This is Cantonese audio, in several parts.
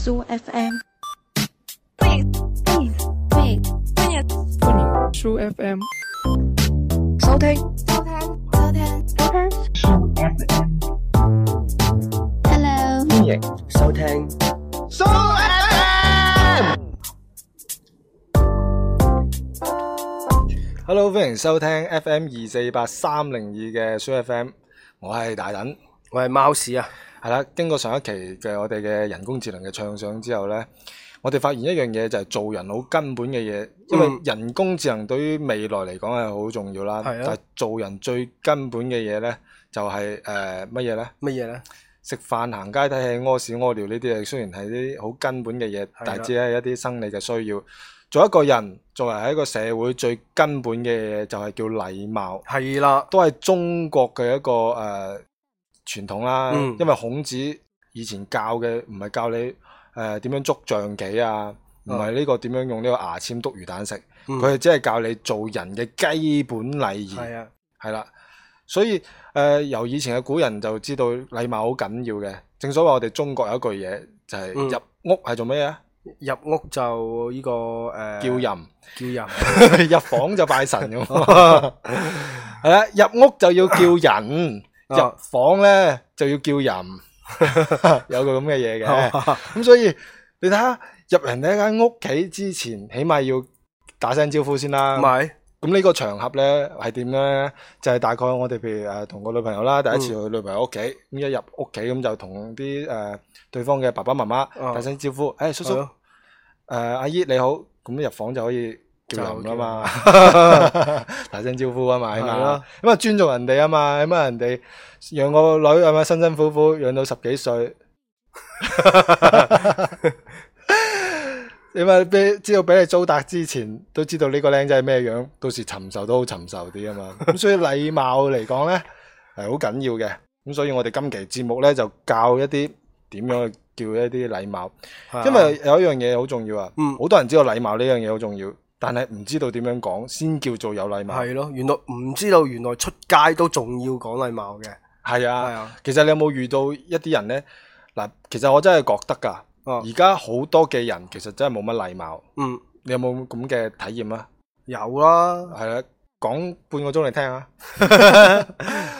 蘇 FM，歡迎歡迎歡迎蘇 FM，收聽收聽收聽收聽蘇 FM，Hello，歡迎收聽蘇 FM，Hello，歡迎收聽 FM 二四八三零二嘅蘇 FM，我係大躉，我係貓史啊。係啦，經過上一期嘅我哋嘅人工智能嘅暢想之後呢，我哋發現一樣嘢就係、是、做人好根本嘅嘢，因為人工智能對於未來嚟講係好重要啦。就、嗯、但係做人最根本嘅嘢呢，就係誒乜嘢呢？乜嘢呢？食飯、行街、睇戲、屙、呃、屎、屙尿呢啲嘢，雖然係啲好根本嘅嘢，但係只係一啲生理嘅需要。做一個人，作為一個社會最根本嘅嘢，就係叫禮貌。係啦的，都係中國嘅一個誒。呃傳統啦、啊，嗯、因為孔子以前教嘅唔係教你誒點、呃、樣捉象棋啊，唔係呢個點樣用呢個牙籤篤魚蛋食，佢係只係教你做人嘅基本禮儀。係啊、嗯，係啦，所以誒、呃、由以前嘅古人就知道禮貌好緊要嘅。正所謂我哋中國有一句嘢就係、是、入屋係做咩啊？入屋就呢、這個誒、呃、叫人，叫人、啊、 入房就拜神咁、啊。係啦，入屋就要叫人。入房咧就要叫人， 有個咁嘅嘢嘅，咁 所以你睇下入人哋間屋企之前，起碼要打聲招呼先啦。唔係是，咁呢個場合咧係點咧？就係、是、大概我哋譬如誒同個女朋友啦，第一次去女朋友屋企，咁、嗯、一入屋企咁就同啲誒對方嘅爸爸媽媽打聲招呼，誒、嗯欸、叔叔，誒的、呃、阿姨你好，咁入房就可以。叫人嘛， 大聲招呼啊嘛，咁啊尊重人哋啊嘛，咁啊人哋養個女係咪辛辛苦苦養到十幾歲，你咪俾知道俾你糟蹋之前都知道呢個靚仔係咩樣， 到時尋仇都好尋仇啲啊嘛。咁 所以禮貌嚟講咧係好緊要嘅，咁所以我哋今期節目咧就教一啲點樣叫一啲禮貌，吧因為有一樣嘢好重要啊，好、嗯、多人知道禮貌呢樣嘢好重要。但係唔知道點樣講先叫做有禮貌？係咯，原來唔知道，原來出街都仲要講禮貌嘅。係啊的，係啊，其實你有冇遇到一啲人呢？嗱，其實我真係覺得噶，而家好多嘅人其實真係冇乜禮貌。嗯，你有冇咁嘅體驗啊？有啦，係啦，講半個鐘嚟聽下。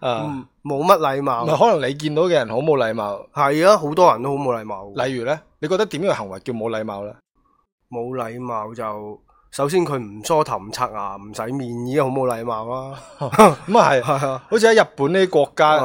Uh, 嗯，冇乜禮貌、啊。可能你見到嘅人好冇禮貌、啊。係啊，好多人都好冇禮貌、啊。例如呢，你覺得點樣嘅行為叫冇禮貌呢、啊？冇禮貌就首先佢唔梳頭，唔刷牙，唔洗面已經好冇禮貌啦。咁啊係好似喺日本呢啲國家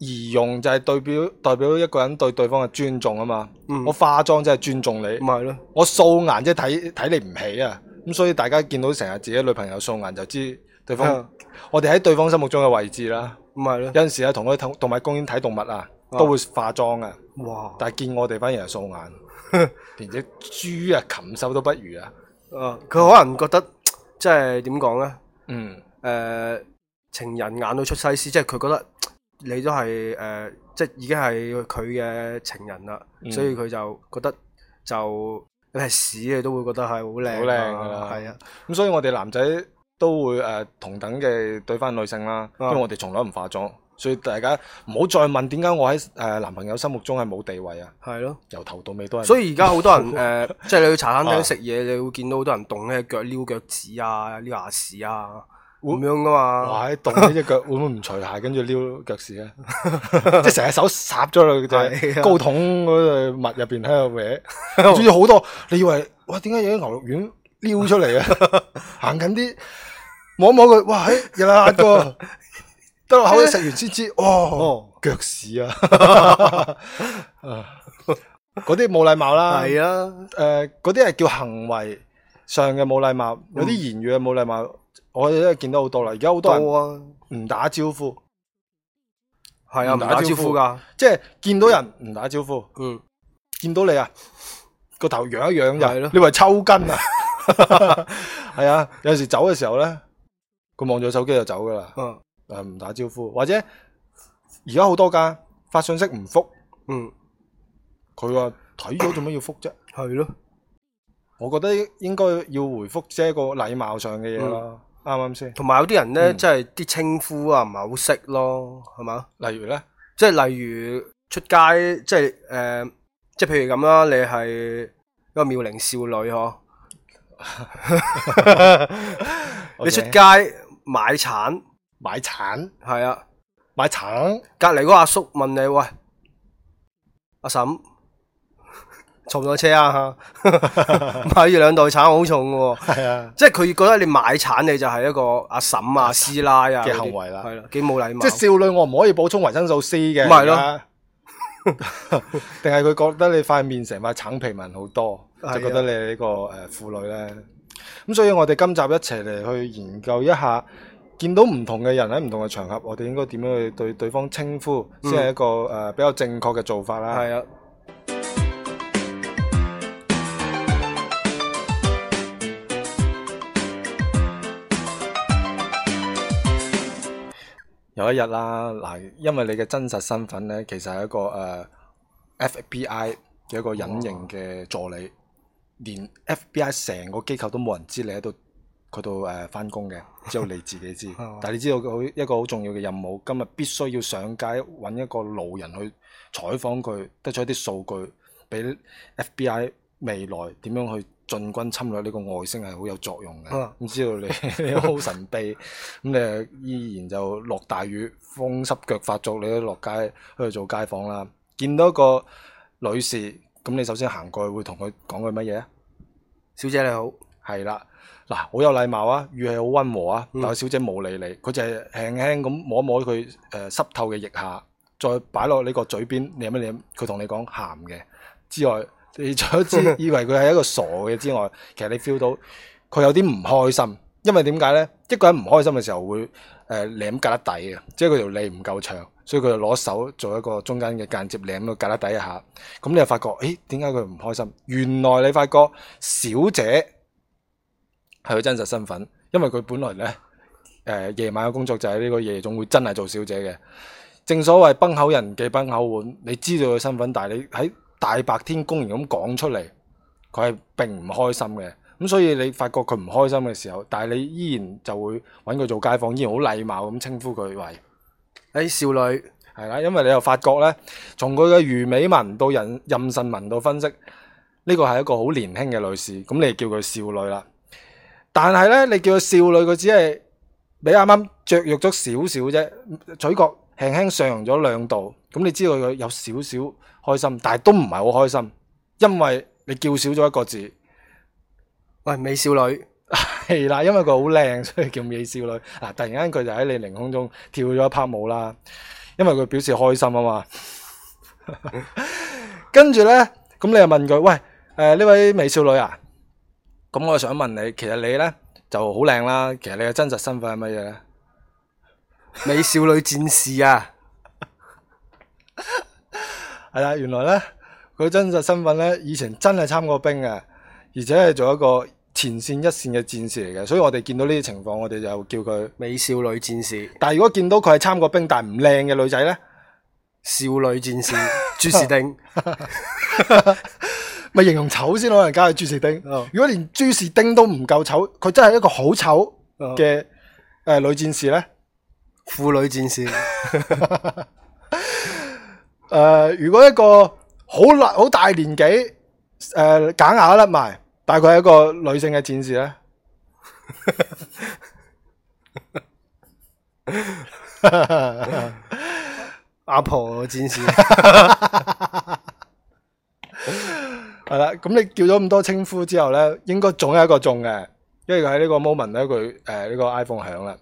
儀、嗯、容就係代表代表一個人對對方嘅尊重啊嘛。嗯、我化妝即係尊重你，咪係咯。啊、我素顏即係睇睇你唔起啊。咁所以大家見到成日自己女朋友素顏就知對方、啊、我哋喺對方心目中嘅位置啦。咁係咯， 有陣時啊，同佢同埋動物公園睇動物啊，都會化妝啊。哇！但係見我哋反而係素顏，連隻豬啊、禽獸都不如啊！佢、啊、可能覺得即係點講呢？嗯，誒、呃，情人眼都出西施，即係佢覺得你都係誒、呃，即係已經係佢嘅情人啦，嗯、所以佢就覺得就咩屎佢都會覺得係好靚，好靚噶啦，係啊！咁、啊、的所以我哋男仔。都會誒同等嘅對翻女性啦，因為我哋從來唔化妝，所以大家唔好再問點解我喺誒男朋友心目中係冇地位啊。係咯，由頭到尾都係。所以而家好多人誒，即係你去茶餐廳食嘢，你會見到好多人動呢隻腳撩腳趾啊，撩牙屎啊，咁樣噶嘛。哇！喺動呢隻腳會唔會唔除鞋，跟住撩腳屎呀，即係成日手插咗落係高筒嗰隻襪入邊喺度搲，仲要好多。你以為哇？點解有啲牛肉丸？撩出嚟啊！行緊啲摸摸佢，哇！吓個得落口一食完先知，哦，腳屎啊！嗰啲冇禮貌啦，係啊，誒，嗰啲係叫行為上嘅冇禮貌，有啲言語嘅冇禮貌，我哋都係見到好多啦。而家好多人唔打招呼，係啊，唔打招呼噶即係見到人唔打招呼，嗯，見到你啊，個頭仰一仰就係咯，你話抽筋啊？係 啊，有陣時走嘅時候咧，佢望咗手機就走噶啦。嗯，誒唔打招呼，或者而家好多家發信息唔覆。嗯，佢話睇咗做咩要覆啫？係咯， 我覺得應該要回覆，即係個禮貌上嘅嘢咯。啱啱先，同埋有啲人咧，即係啲稱呼啊，唔係好識咯，係嘛？例如咧，即係例如出街，即係誒、呃，即係譬如咁啦，你係一個妙齡少女嗬。你出街買橙，買橙係啊，買橙隔籬嗰阿叔問你：喂，阿嬸，重咗車啊？買住兩袋橙好重喎，係啊，即係佢覺得你買橙，你就係一個阿嬸啊師奶啊嘅行為啦，係啦，幾冇禮貌。即係少女，我唔可以補充維生素 C 嘅，唔係咯？定係佢覺得你塊面成塊橙皮紋好多？就覺得你這個婦呢個誒婦女咧，咁、啊、所以我哋今集一齊嚟，去研究一下，見到唔同嘅人喺唔同嘅場合，我哋應該點樣去對對方稱呼，先係一個誒比較正確嘅做法啦。係、嗯、啊。有一日啦，嗱，因為你嘅真實身份咧，其實係一個誒 FBI 嘅一個隱形嘅助理。嗯連 FBI 成個機構都冇人知你喺度佢度誒翻工嘅，只有你自己知。 但係你知道佢一個好重要嘅任務，今日必須要上街揾一個路人去採訪佢，得出一啲數據，俾 FBI 未來點樣去進軍侵略呢個外星係好有作用嘅。唔 知道你好神秘，咁 你依然就落大雨，風濕腳發作，你都落街去做街訪啦。見到一個女士。咁你首先行過去會同佢講句乜嘢？小姐你好，係啦，嗱好有禮貌啊，語氣好溫和啊，嗯、但係小姐冇理你，佢淨係輕輕咁摸摸佢誒濕透嘅腋下，再擺落呢個嘴邊舐一舐，佢同你講鹹嘅之外，你除咗以為佢係一個傻嘅之外， 其實你 feel 到佢有啲唔開心。因為點解呢？一個人唔開心嘅時候會誒舐隔得底嘅，即係佢條脷唔夠長，所以佢就攞手做一個中間嘅間接舐到隔得底一下。咁你又發覺，誒，點解佢唔開心？原來你發覺小姐係佢真實身份，因為佢本來呢夜、呃、晚嘅工作就係呢個夜總會真係做小姐嘅。正所謂崩口人嘅崩口碗，你知道佢身份，但係你喺大白天公然咁講出嚟，佢係並唔開心嘅。咁所以你發覺佢唔開心嘅時候，但係你依然就會揾佢做街坊，依然好禮貌咁稱呼佢爲，誒、哎、少女，係啦，因爲你又發覺呢，從佢嘅魚尾紋到任任性紋到分析，呢個係一個好年輕嘅女士，咁你叫佢少女啦。但係呢，你叫佢少女，佢只係比啱啱雀弱咗少少啫，嘴角輕輕上揚咗兩度，咁你知道佢有少少開心，但係都唔係好開心，因爲你叫少咗一個字。喂，美少女係啦，因為佢好靚，所以叫美少女。嗱、啊，突然間佢就喺你凌空中跳咗一拍舞啦，因為佢表示開心啊嘛。跟住、嗯、呢，咁你又問佢：喂，誒、呃，呢位美少女啊，咁我想問你，其實你呢，就好靚啦。其實你嘅真實身份係乜嘢咧？ 美少女戰士啊，係啦， 原來呢，佢真實身份呢，以前真係參過兵嘅，而且係做一個。前線一線嘅戰士嚟嘅，所以我哋見到呢啲情況，我哋就叫佢美少女戰士。但係如果見到佢係參過兵但唔靚嘅女仔呢，少女戰士 朱士丁咪形容醜先，老人家係朱士丁。哦、如果連朱士丁都唔夠醜，佢真係一個好醜嘅誒女戰士呢，婦女戰士。誒，如果一個好好大年紀，誒、呃，假牙甩埋。大概係一個女性嘅戰士咧，阿、 啊、婆戰士係啦。咁 你叫咗咁多稱呼之後咧，應該總有一個中嘅。因為喺呢、呃這個 moment 咧，佢誒呢個 iPhone 響啦，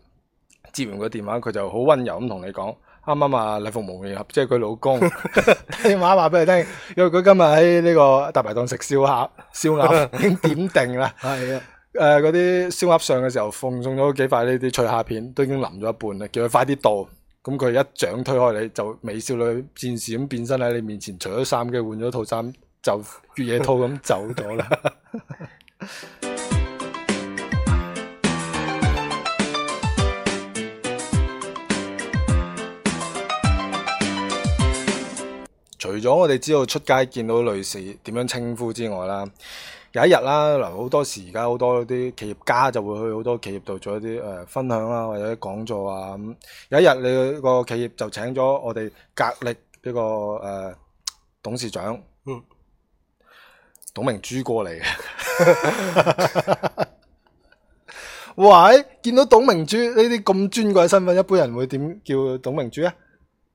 接完個電話佢就好温柔咁同你講。啱啱啊！禮服冇配合，即係佢老公打電話話俾佢聽媽媽，因為佢今日喺呢個大排檔食燒鴨，燒鴨 已經點定啦。係啊、 呃，誒，嗰啲燒鴨上嘅時候，奉送咗幾塊呢啲脆蝦片，都已經淋咗一半啦。叫佢快啲到，咁佢一掌推開你，就美少女戰士咁變身喺你面前，除咗衫嘅，換咗套衫，就越野套咁走咗啦。 除咗我哋知道出街見到類似點樣稱呼之外啦，有一日啦，嗱，好多時而家好多啲企業家就會去好多企業度做一啲誒、呃、分享啊，或者講座啊咁、嗯。有一日你個企業就請咗我哋格力呢個誒、呃、董事長， 董明珠過嚟。 喂，見到董明珠呢啲咁尊貴身份，一般人會點叫董明珠啊？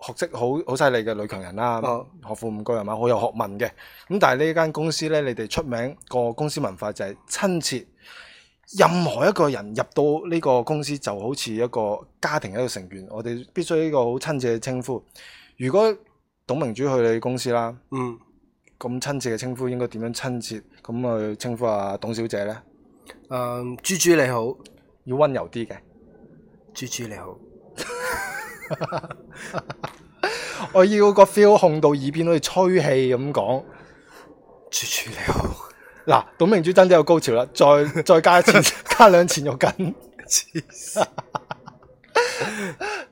學識好好犀利嘅女強人啦、啊，oh. 學富五車人，嘛，好有學問嘅。咁但係呢間公司呢，你哋出名、個公司文化就係親切，任何一個人入到呢個公司就好似一個家庭一個成員，我哋必須呢個好親切嘅稱呼。如果董明珠去你公司啦，嗯，咁親切嘅稱呼應該點樣親切？咁去稱呼啊，董小姐呢？誒、um,，珠珠你好，要温柔啲嘅，珠珠你好。 我要個 feel 控到耳邊好似吹氣咁講，豬豬你好，嗱，董明珠真係有高潮啦！再再加一次， 加兩次又緊，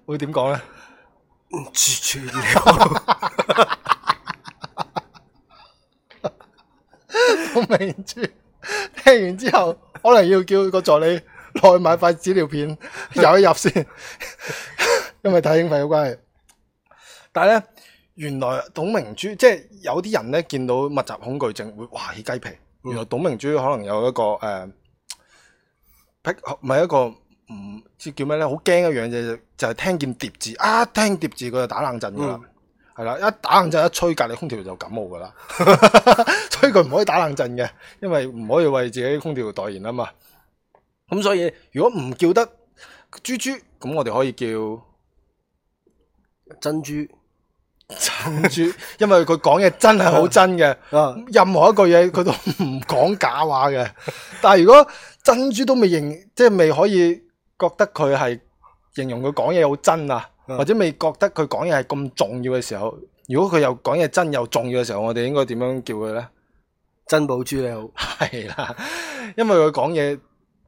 會點講咧？豬豬你 好， 董明珠聽完之後，可能要叫個助理落去買塊紙尿片入一入先。 因為太興奮有關係，但係咧，原來董明珠即係有啲人咧，見到密集恐懼症會哇起雞皮。原來董明珠可能有一個誒，劈唔係一個唔知叫咩咧？好驚嘅樣嘢，就係、是、聽見疊字啊，聽疊字佢就打冷震噶啦，係啦、嗯，一打冷震一吹隔籬空調就感冒噶啦，嗯、 所以佢唔可以打冷震嘅，因為唔可以為自己空調代言啊嘛。咁、嗯、所以如果唔叫得豬豬，咁我哋可以叫。珍珠，珍珠，因為佢講嘢真係好真嘅，任何一句嘢佢都唔講假話嘅。但係如果珍珠都未認，即係未可以覺得佢係形容佢講嘢好真啊，或者未覺得佢講嘢係咁重要嘅時候，如果佢又講嘢真又重要嘅時候，我哋應該點樣叫佢呢？珍寶珠你好，係啦，因為佢講嘢。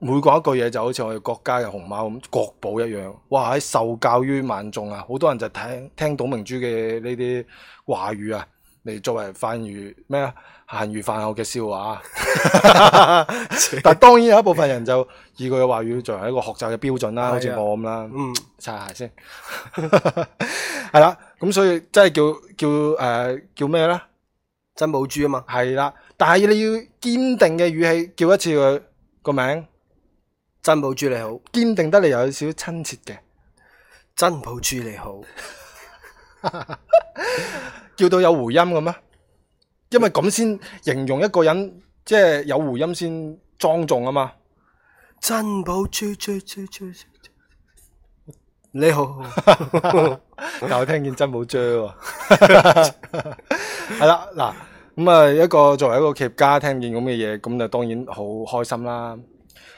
每講一句嘢就好似我哋國家嘅熊貓咁國寶一樣，哇！喺受教於萬眾啊，好多人就聽聽董明珠嘅呢啲話語啊，嚟作為飯如咩啊，閒如飯後嘅笑話。但係當然有一部分人就以佢嘅話語作為一個學習嘅標準啦，啊，好似，啊、我咁啦，啊，嗯，擦鞋先，係 啦，啊，咁所以真係叫叫誒、呃、叫咩咧？真寶珠啊嘛，係啦，啊，但係你要堅定嘅語氣叫一次佢個名。珍寶珠你好，堅定得嚟又有少少親切嘅。珍寶珠你好， 叫到有回音嘅咩？因為咁先形容一個人，即係有回音先莊重啊嘛。珍寶珠，珠，珠，珠，珠，珠你好，但我聽見珍寶珠喎。係 啦， 嗱，咁啊，一個作為一個企業家，聽見咁嘅嘢，咁就當然好開心啦。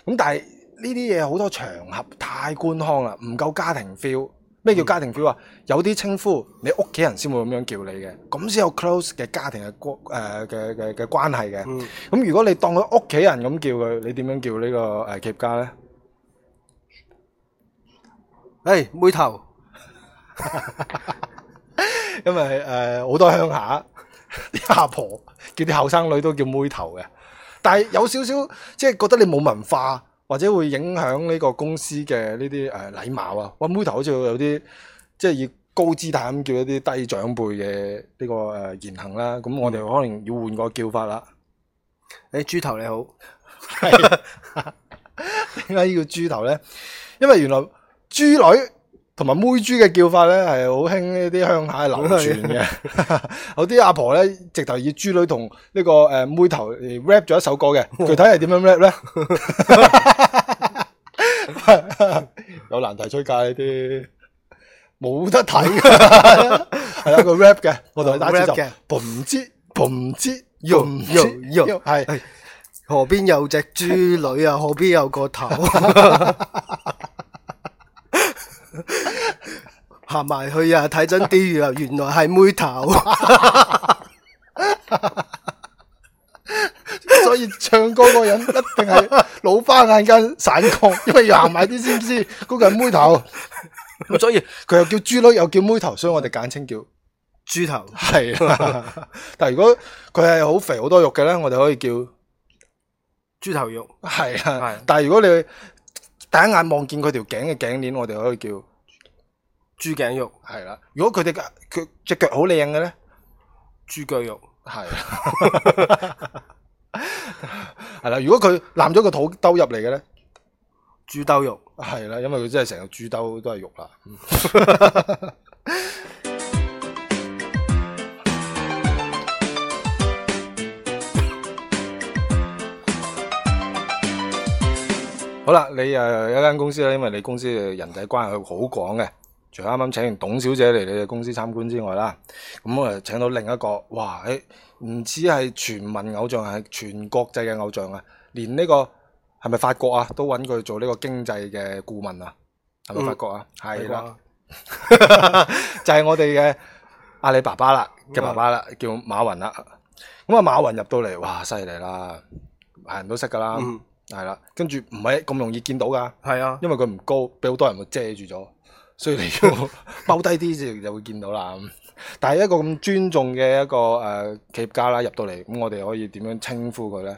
咁但係。呢啲嘢好多場合太官腔啦，唔夠家庭 feel。咩叫家庭 feel 啊、嗯？有啲稱呼你屋企人先會咁樣叫你嘅，咁先有 close 嘅家庭嘅、呃、嘅嘅嘅關係嘅。咁、嗯、如果你當佢屋企人咁叫佢，你點樣叫呢、呢個誒企業家呢？誒、哎、妹頭， 因為誒好、呃、多鄉下啲阿、啊、婆叫啲後生女都叫妹頭嘅，但係有少少 即係覺得你冇文化。或者會影響呢個公司嘅呢啲誒禮貌啊！我妹頭好似有啲即係要高姿態咁叫一啲低長輩嘅呢個誒、呃、言行啦，咁我哋可能要換個叫法啦。誒豬、嗯、頭你好，點解 是 叫豬頭咧？因為原來豬女。同埋妹豬嘅叫法咧，係好興呢啲鄉下流傳嘅。有啲阿婆咧，直頭以豬女同呢個誒妹頭 rap 咗一首歌嘅。具體係點樣 rap 咧？ 有難題出界啲，冇 得睇。係啦、 啊，佢 rap 嘅，我同你打字就嘭之知，之， 又又又，係河邊有隻豬女啊，河是邊有個頭。 行埋去啊！睇真啲啊，原來係妹頭， 所以唱歌嗰個人一定係老花眼鏡散光，因為要行埋啲先知嗰、嗰個係妹頭。所以佢又叫豬佬，又叫妹頭，所以我哋簡稱叫豬頭。係， 但係如果佢係好肥好多肉嘅呢，我哋可以叫豬頭肉。係啊，但係如果你。第一眼望見佢條頸嘅頸鏈，我哋可以叫豬頸肉，係啦。如果佢哋隻腳好靚嘅咧，腳呢豬腳肉，係啦的。啦。 如果佢攬咗個肚兜入嚟嘅咧，豬兜肉，係啦。因為佢真係成個豬兜都係肉啦。嗯 好啦，你誒、啊，一間公司咧，因為你公司人際關係好廣嘅，除咗啱啱請完董小姐嚟你嘅公司參觀之外啦，咁啊，請到另一個，哇，唔止係全民偶像，係全國際嘅偶像啊！連呢、這個係咪法國啊，都揾佢做呢個經濟嘅顧問啊？係咪法國啊？係啦、嗯，就係我哋嘅阿里巴巴啦，嘅爸爸啦，爸爸哇叫馬雲啦。咁啊，馬雲入到嚟，哇，犀利啦，係人都識噶啦。嗯係啦，跟住唔係咁容易見到噶，係啊，因為佢唔高，俾好多人會遮住咗，所以你要踎 低啲就會會見到啦。但係一個咁尊重嘅一個誒、呃、企業家啦，入到嚟咁，我哋可以點樣稱呼佢咧？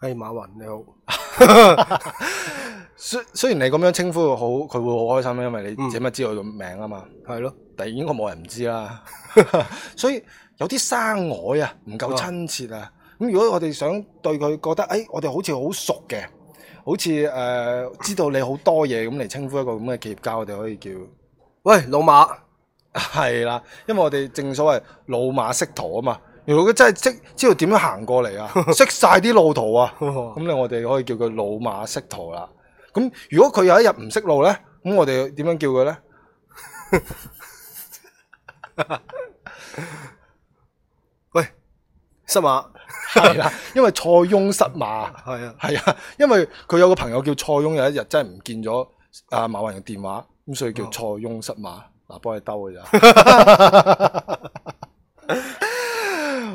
係、哎、馬雲你好 雖，雖然你咁樣稱呼佢好，佢會好開心，因為你點樣知道佢個名啊嘛？係咯、嗯，但係應該冇人唔知啦。 所以有啲生外啊，唔夠親切啊。咁如果我哋想對佢覺得，誒、哎，我哋好似好熟嘅，好似誒、呃、知道你好多嘢咁嚟稱呼一個咁嘅企業家，我哋可以叫，喂，老馬。係啦，因為我哋正所謂老馬識途啊嘛。如果佢真係識知道點樣行過嚟 啊，識晒啲路途啊，咁咧我哋可以叫佢老馬識途啦。咁如果佢有一日唔識路咧，咁我哋點樣叫佢咧？ 失馬，係啊，因為蔡翁失馬，係啊 的，係啊，因為佢有個朋友叫蔡翁，有一日真係唔見咗阿、啊、馬雲嘅電話，咁所以叫蔡翁失馬，嗱， 幫佢兜嘅咋。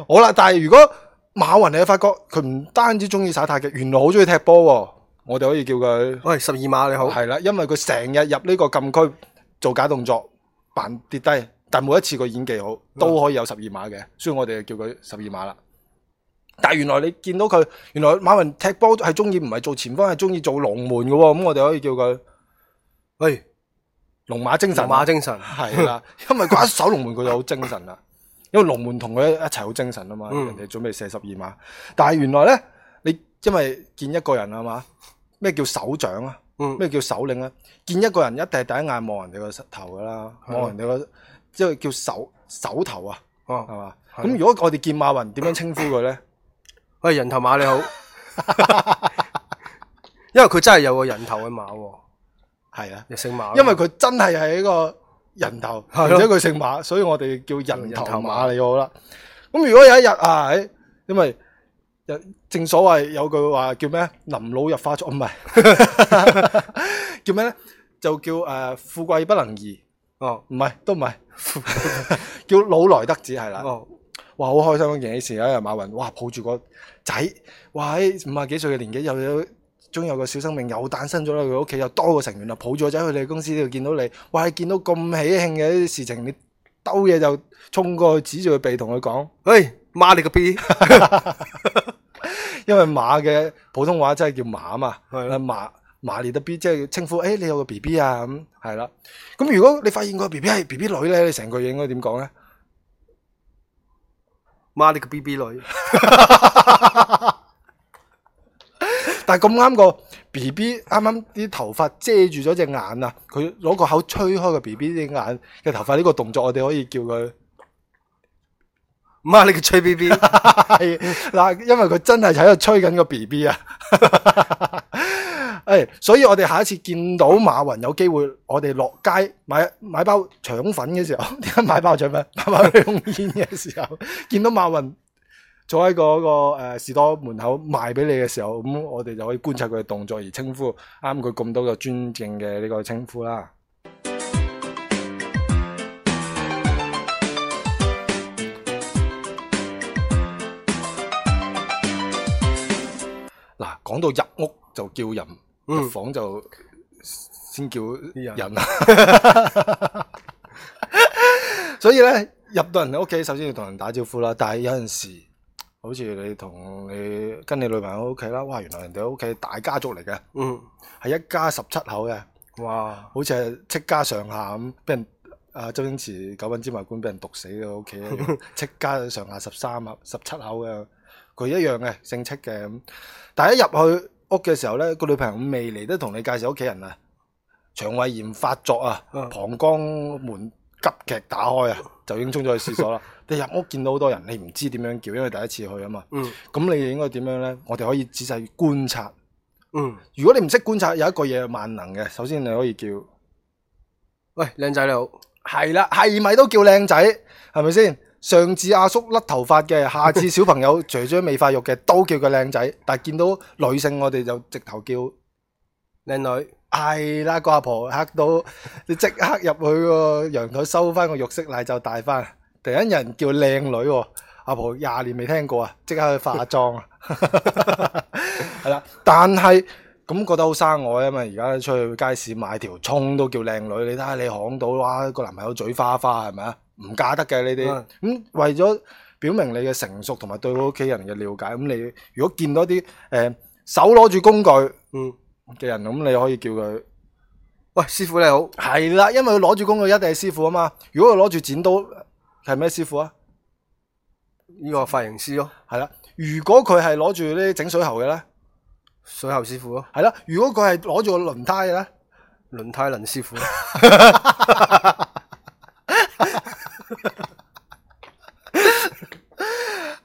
好啦，但係如果馬雲你發覺佢唔單止中意耍太極，原來好中意踢波，我哋可以叫佢，喂，十二碼你好，係啦，因為佢成日入呢個禁區做假動作扮跌低，但每一次佢演技好，都可以有十二碼嘅，所以我哋就叫佢十二碼啦。但係原來你見到佢，原來馬雲踢波係中意唔係做前鋒，係中意做龍門嘅喎。咁我哋可以叫佢，喂，龍馬精神。龍馬精神，係啦的， 因為佢一手龍門，佢就好精神啦。因為龍門同佢一一齊好精神啊嘛，嗯、人哋準備射十二碼。但係原來咧，你因為見一個人啊嘛，咩叫首長啊？咩、嗯、叫首領啊？見一個人一定係第一眼望人哋個頭噶啦，望人哋個的即係叫首首頭啊，係嘛、哦？咁如果我哋見馬雲點樣稱呼佢咧？我人頭馬你好， 因為佢真係有個人頭嘅馬，係啊的，又姓馬。因為佢真係係一個人頭，是的而且佢姓馬，所以我哋叫人頭馬你的好啦。咁如果有一日啊、欸，因為正所謂有句話叫咩？臨老入花叢唔係，哦、 叫咩呢？就叫誒、啊、富貴不能移，哦唔係都唔係， 叫老來得子係啦。是哇！好開心嘅一件事，有一日馬雲哇抱住個仔，哇喺五十幾歲嘅年紀又有，終於有個小生命又誕生咗啦！佢屋企又多個成員啦，抱住個仔去你公司度見到你，哇！見到咁喜慶嘅啲事情，你兜嘢就衝過去指住佢鼻同佢講：，喂，馬你個 B， 因為馬嘅普通話真係叫馬嘛，馬馬的你得 B，即係稱呼。誒、哎、你有個 B B 啊，咁，係啦。咁如果你發現個 B B 係 B B 女咧，你成個嘢應該點講咧？媽你個 B B 女， 但係咁啱個 B B 啱啱啲頭髮遮住咗隻眼啊！佢攞個口吹開個 B B 啲眼嘅頭髮呢個動作，我哋可以叫佢媽你個吹 B B 係嗱，因為佢真係喺度吹緊個 B B 啊！ 哎、所以我哋下一次見到馬雲有機會我，我哋落街買買包腸粉嘅時候，點解買包腸粉買包香煙嘅時候，見到馬雲坐喺嗰、嗰個、呃、士多門口賣俾你嘅時候，咁我哋就可以觀察佢嘅動作而稱呼啱佢咁多個尊敬嘅呢個稱呼啦。嗱，講到入屋就叫人。嗯、房就先叫人啊，人 所以咧，入到人哋屋企，首先要同人打招呼啦。但係有陣時，好似你同你跟你女朋友屋企啦，哇，原來人哋屋企大家族嚟嘅，嗯，係一家十七口嘅，哇，好似係戚家上下咁，俾人阿周星馳九品芝麻官俾人毒死嘅屋企。戚、嗯、家上下十三啊，十七口嘅，佢一樣嘅姓戚嘅，咁但係一入去。屋嘅時候咧，個女朋友未嚟，得同你介紹屋企人啊。腸胃炎發作啊，膀胱、嗯、門急劇打開啊，就已經沖咗去廁所啦。 你入屋見到好多人，你唔知點樣叫，因為第一次去啊嘛。咁、嗯、你應該點樣咧？我哋可以仔細觀察。嗯，如果你唔識觀察，有一個嘢萬能嘅，首先你可以叫，喂，靚仔你好。係啦，係咪都叫靚仔？係咪先？上至阿叔甩頭髮嘅，下至小朋友嚼嚼未發育嘅，都叫佢靚仔。但係見到女性，我哋就直頭叫靚女。係啦、哎，個阿婆嚇到，你即刻入去個陽台收翻個肉色奶就帶翻。第一人叫靚女，阿婆廿年未聽過啊，即刻去化妝啊。係啦， 但係咁覺得好生我，啊嘛。而家出去街市買條蔥都叫靚女。你睇下你行到啦個男朋友嘴花花係咪啊？唔嫁得嘅呢啲，咁、嗯嗯、為咗表明你嘅成熟同埋對屋企人嘅了解，咁你如果見到啲，誒、呃、手攞住工具，嗯嘅人，咁、嗯、你可以叫佢，喂師傅你好，係啦，因為佢攞住工具一定係師傅啊嘛。如果佢攞住剪刀，係咩師傅啊？呢個髮型師咯、哦。係啦，如果佢係攞住呢整水喉嘅咧，水喉師傅咯、啊。係啦，如果佢係攞住個輪胎嘅咧，輪胎輪師傅、啊。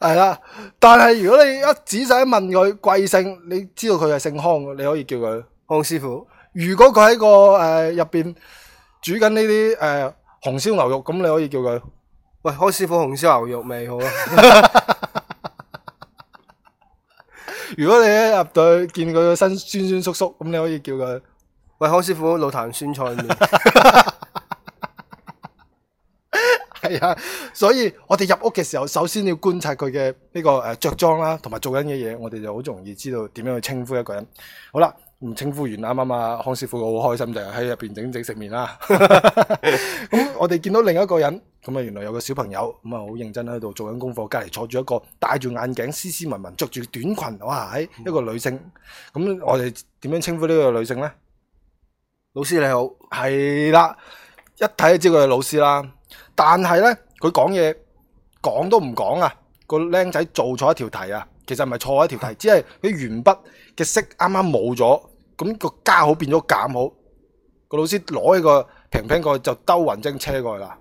係啦， 但係如果你一仔細問佢貴姓，你知道佢係姓康，你可以叫佢康師傅。如果佢喺、那個誒入邊煮緊呢啲誒紅燒牛肉，咁你可以叫佢喂康師傅紅燒牛肉味好啊。 如果你一入隊見佢個身酸酸叔叔，咁你可以叫佢喂康師傅老壇酸菜麵。 所以我哋入屋嘅時候，首先要觀察佢嘅呢個誒着裝啦，同埋做緊嘅嘢，我哋就好容易知道點樣去稱呼一個人。好啦，唔稱呼完啱啱啊康師傅好開心就喺入邊整整食麵啦。咁我哋見到另一個人，咁啊原來有個小朋友咁啊好認真喺度做緊功課，隔籬坐住一個戴住眼鏡、斯斯文文、着住短裙，哇，一個女性。咁我哋點樣稱呼呢個女性呢？老師你好，係啦，一睇就知佢係老師啦。但係咧，佢講嘢，講都唔講啊！個僆仔做錯一條題啊，其實唔係錯一條題，只係佢鉛筆嘅色啱啱冇咗，咁、個加號變咗減號，個老師攞起個瓶瓶過去 就兜雲精車過去啦。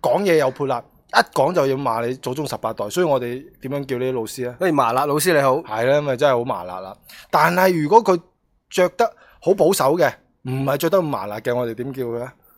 講嘢又潑辣，一講就要罵你祖宗十八代，所以我哋點樣叫呢啲老師啊？你麻辣老師你好，係啦，咪、就是、真係好麻辣啦。但係如果佢着得好保守嘅，唔係着得咁麻辣嘅，我哋點叫佢咧？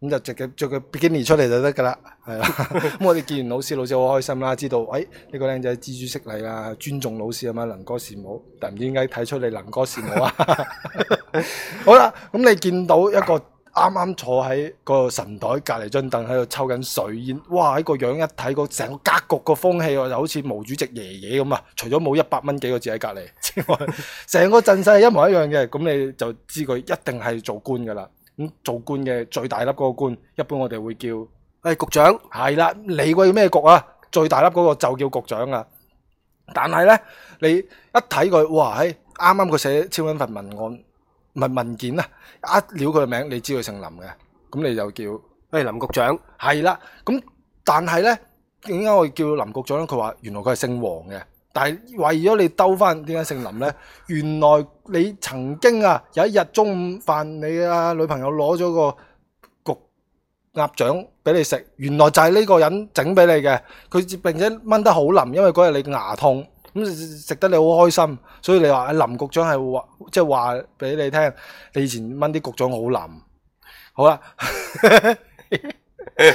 咁就直接著個 Bikini 出嚟就得噶啦，係啦。咁 我哋見完老師，老師好開心啦，知道，哎，呢個靚仔蜘蛛識你啦，尊重老師啊嘛，能歌善舞，但唔知點解睇出你能歌善舞啊？ 好啦，咁你見到一個啱啱坐喺個神台隔籬張凳喺度抽緊水煙，哇！喺個樣一睇個成個格局個風氣，又好似毛主席爺爺咁啊！除咗冇一百蚊幾個字喺隔籬之外，成 個陣勢係一模一樣嘅，咁你就知佢一定係做官噶啦。咁做官嘅最大粒嗰個官，一般我哋會叫，誒局長，係啦，你個叫咩局啊？最大粒嗰個就叫局長啊。但係咧，你一睇佢，哇，啱啱佢寫簽一份文案，文文件啊，一料佢嘅名，你知佢姓林嘅，咁你就叫，誒林局長，係啦。咁但係咧，點解我叫林局長咧？佢話原來佢係姓黃嘅。但係為咗你兜翻，點解姓林呢？原來你曾經啊，有一日中午飯，你啊女朋友攞咗個焗鴨掌俾你食，原來就係呢個人整俾你嘅。佢並且炆得好腍，因為嗰日你牙痛，咁食得你好開心。所以你話阿林局長係話，即係話俾你聽，你以前炆啲局長好腍。好啦，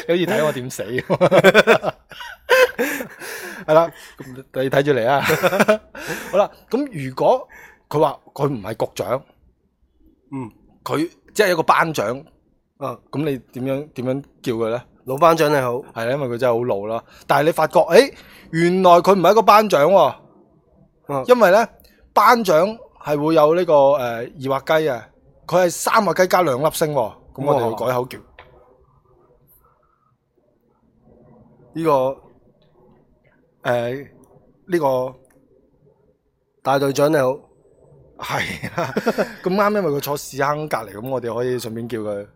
有嘢睇我點死。 係啦， 你睇住嚟啊！ 好啦，咁如果佢話佢唔係局長，嗯，佢即係一個班長啊，咁你點樣點樣叫佢咧？老班長你好，係因為佢真係好老啦。但係你發覺，誒，原來佢唔係一個班長，因為咧班長係會有呢、這個誒、呃、二劃雞嘅，佢係三劃雞加兩粒星、啊，咁我哋改口叫呢、哦這個。.誒，呢、呃呢個大隊長你好，係 啊，咁啱因為佢坐屎坑隔籬，咁我哋可以順便叫佢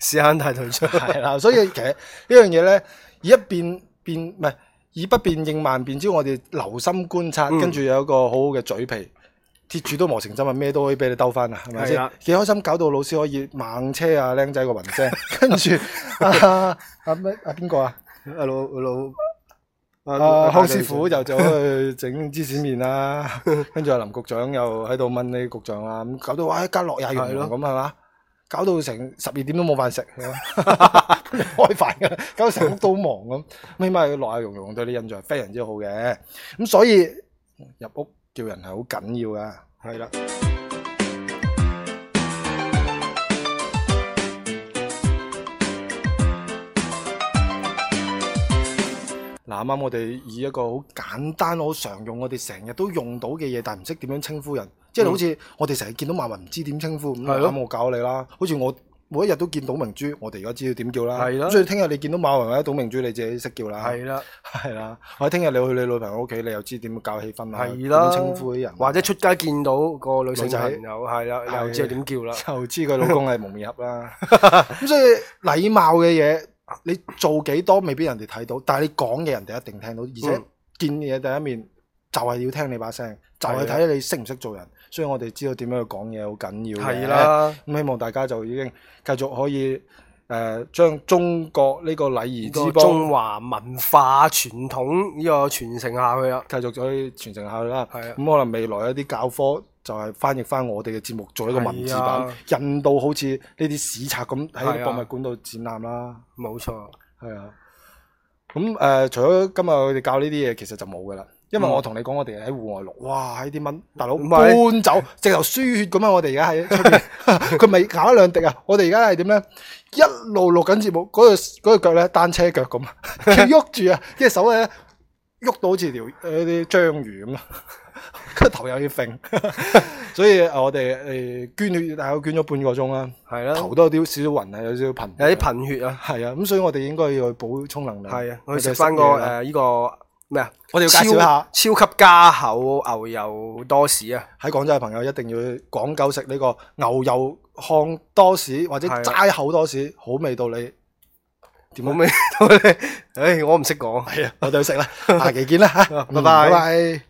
屎坑大隊長，係啦。所以其實呢樣嘢咧，以一變變唔係，以不變應萬變，只要我哋留心觀察，跟住、嗯、有一個好好嘅嘴皮，鐵柱都磨成針啊，咩都可以俾你兜翻是啊，係咪先？幾開心，搞到老師可以猛車啊，靚仔個雲啫，跟住阿阿咩阿邊個啊，阿、啊、老、啊啊啊、老。老阿康師傅又走去整芝士麵啦，跟住阿林局長又喺度問你局長啊，咁搞到哇一家樂也融融咁係嘛？搞到成十二點都冇飯食，開飯噶，搞到成屋都忙咁，起碼佢樂也融融對你印象係非常之好嘅，咁所以入屋叫人係好緊要噶，係啦。嗱，啱啱我哋以一個好簡單、好常用、我哋成日都用到嘅嘢，但係唔識點樣稱呼人，即係好似我哋成日見到馬雲唔知點稱呼，咁咁是的、嗯、我教你啦。好似我每一日都見到明珠，我哋而家知道點叫啦。係啦是的 所以聽日你見到馬雲或者董明珠，你自己識叫啦。係啦，係啦。或者聽日你去你女朋友屋企，你又知點樣搞氣氛啦，點是的 稱呼啲人。或者出街見到個女性朋友，係啦，的的又知點叫啦。就知佢老公係蒙面俠啦。咁 所以禮貌嘅嘢。你做幾多未必人哋睇到，但係你講嘢人哋一定聽到，而且見嘢第一面就係要聽你把聲，嗯、就係睇你識唔識做人，的所以我哋知道點樣去講嘢好緊要嘅。係啦，咁的希望大家就已經繼續可以誒，將、呃、中國呢個禮儀之邦、中華文化傳統呢個傳承下去啦。繼續可以傳承下去啦。係咁的可能未來一啲教科。就係翻譯翻我哋嘅節目，做一個文字版，印到、啊、好似呢啲史冊咁喺博物館度展覽啦。冇、啊、錯，係啊。咁、呃、除咗今日佢哋教呢啲嘢，其實就冇噶啦。因為我同你講，我哋喺戶外錄，哇！呢啲蚊，大佬搬是走 直頭輸血咁啊！ 我哋而家喺出邊，佢咪搞一兩滴啊？我哋而家係點咧？一路錄緊節目，嗰、那個嗰、那個腳咧單車腳咁，佢喐住啊，隻手咧喐到好似條誒啲、呃、章魚咁啊！個頭有啲揈，所以我哋誒捐血，大概捐咗半個鐘啦，係啦，頭都有啲少少暈啊，有少少貧，有啲貧血啊，係啊，咁所以我哋應該要去補充能量，係啊，去食翻個誒呢個咩啊？我哋要介紹下超級加厚牛油多士啊！喺廣州嘅朋友一定要講究食呢個牛油漢多士或者齋口多士，好味道！你點好味？唉，我唔識講，係啊，我哋去食啦，下期見啦嚇，拜拜。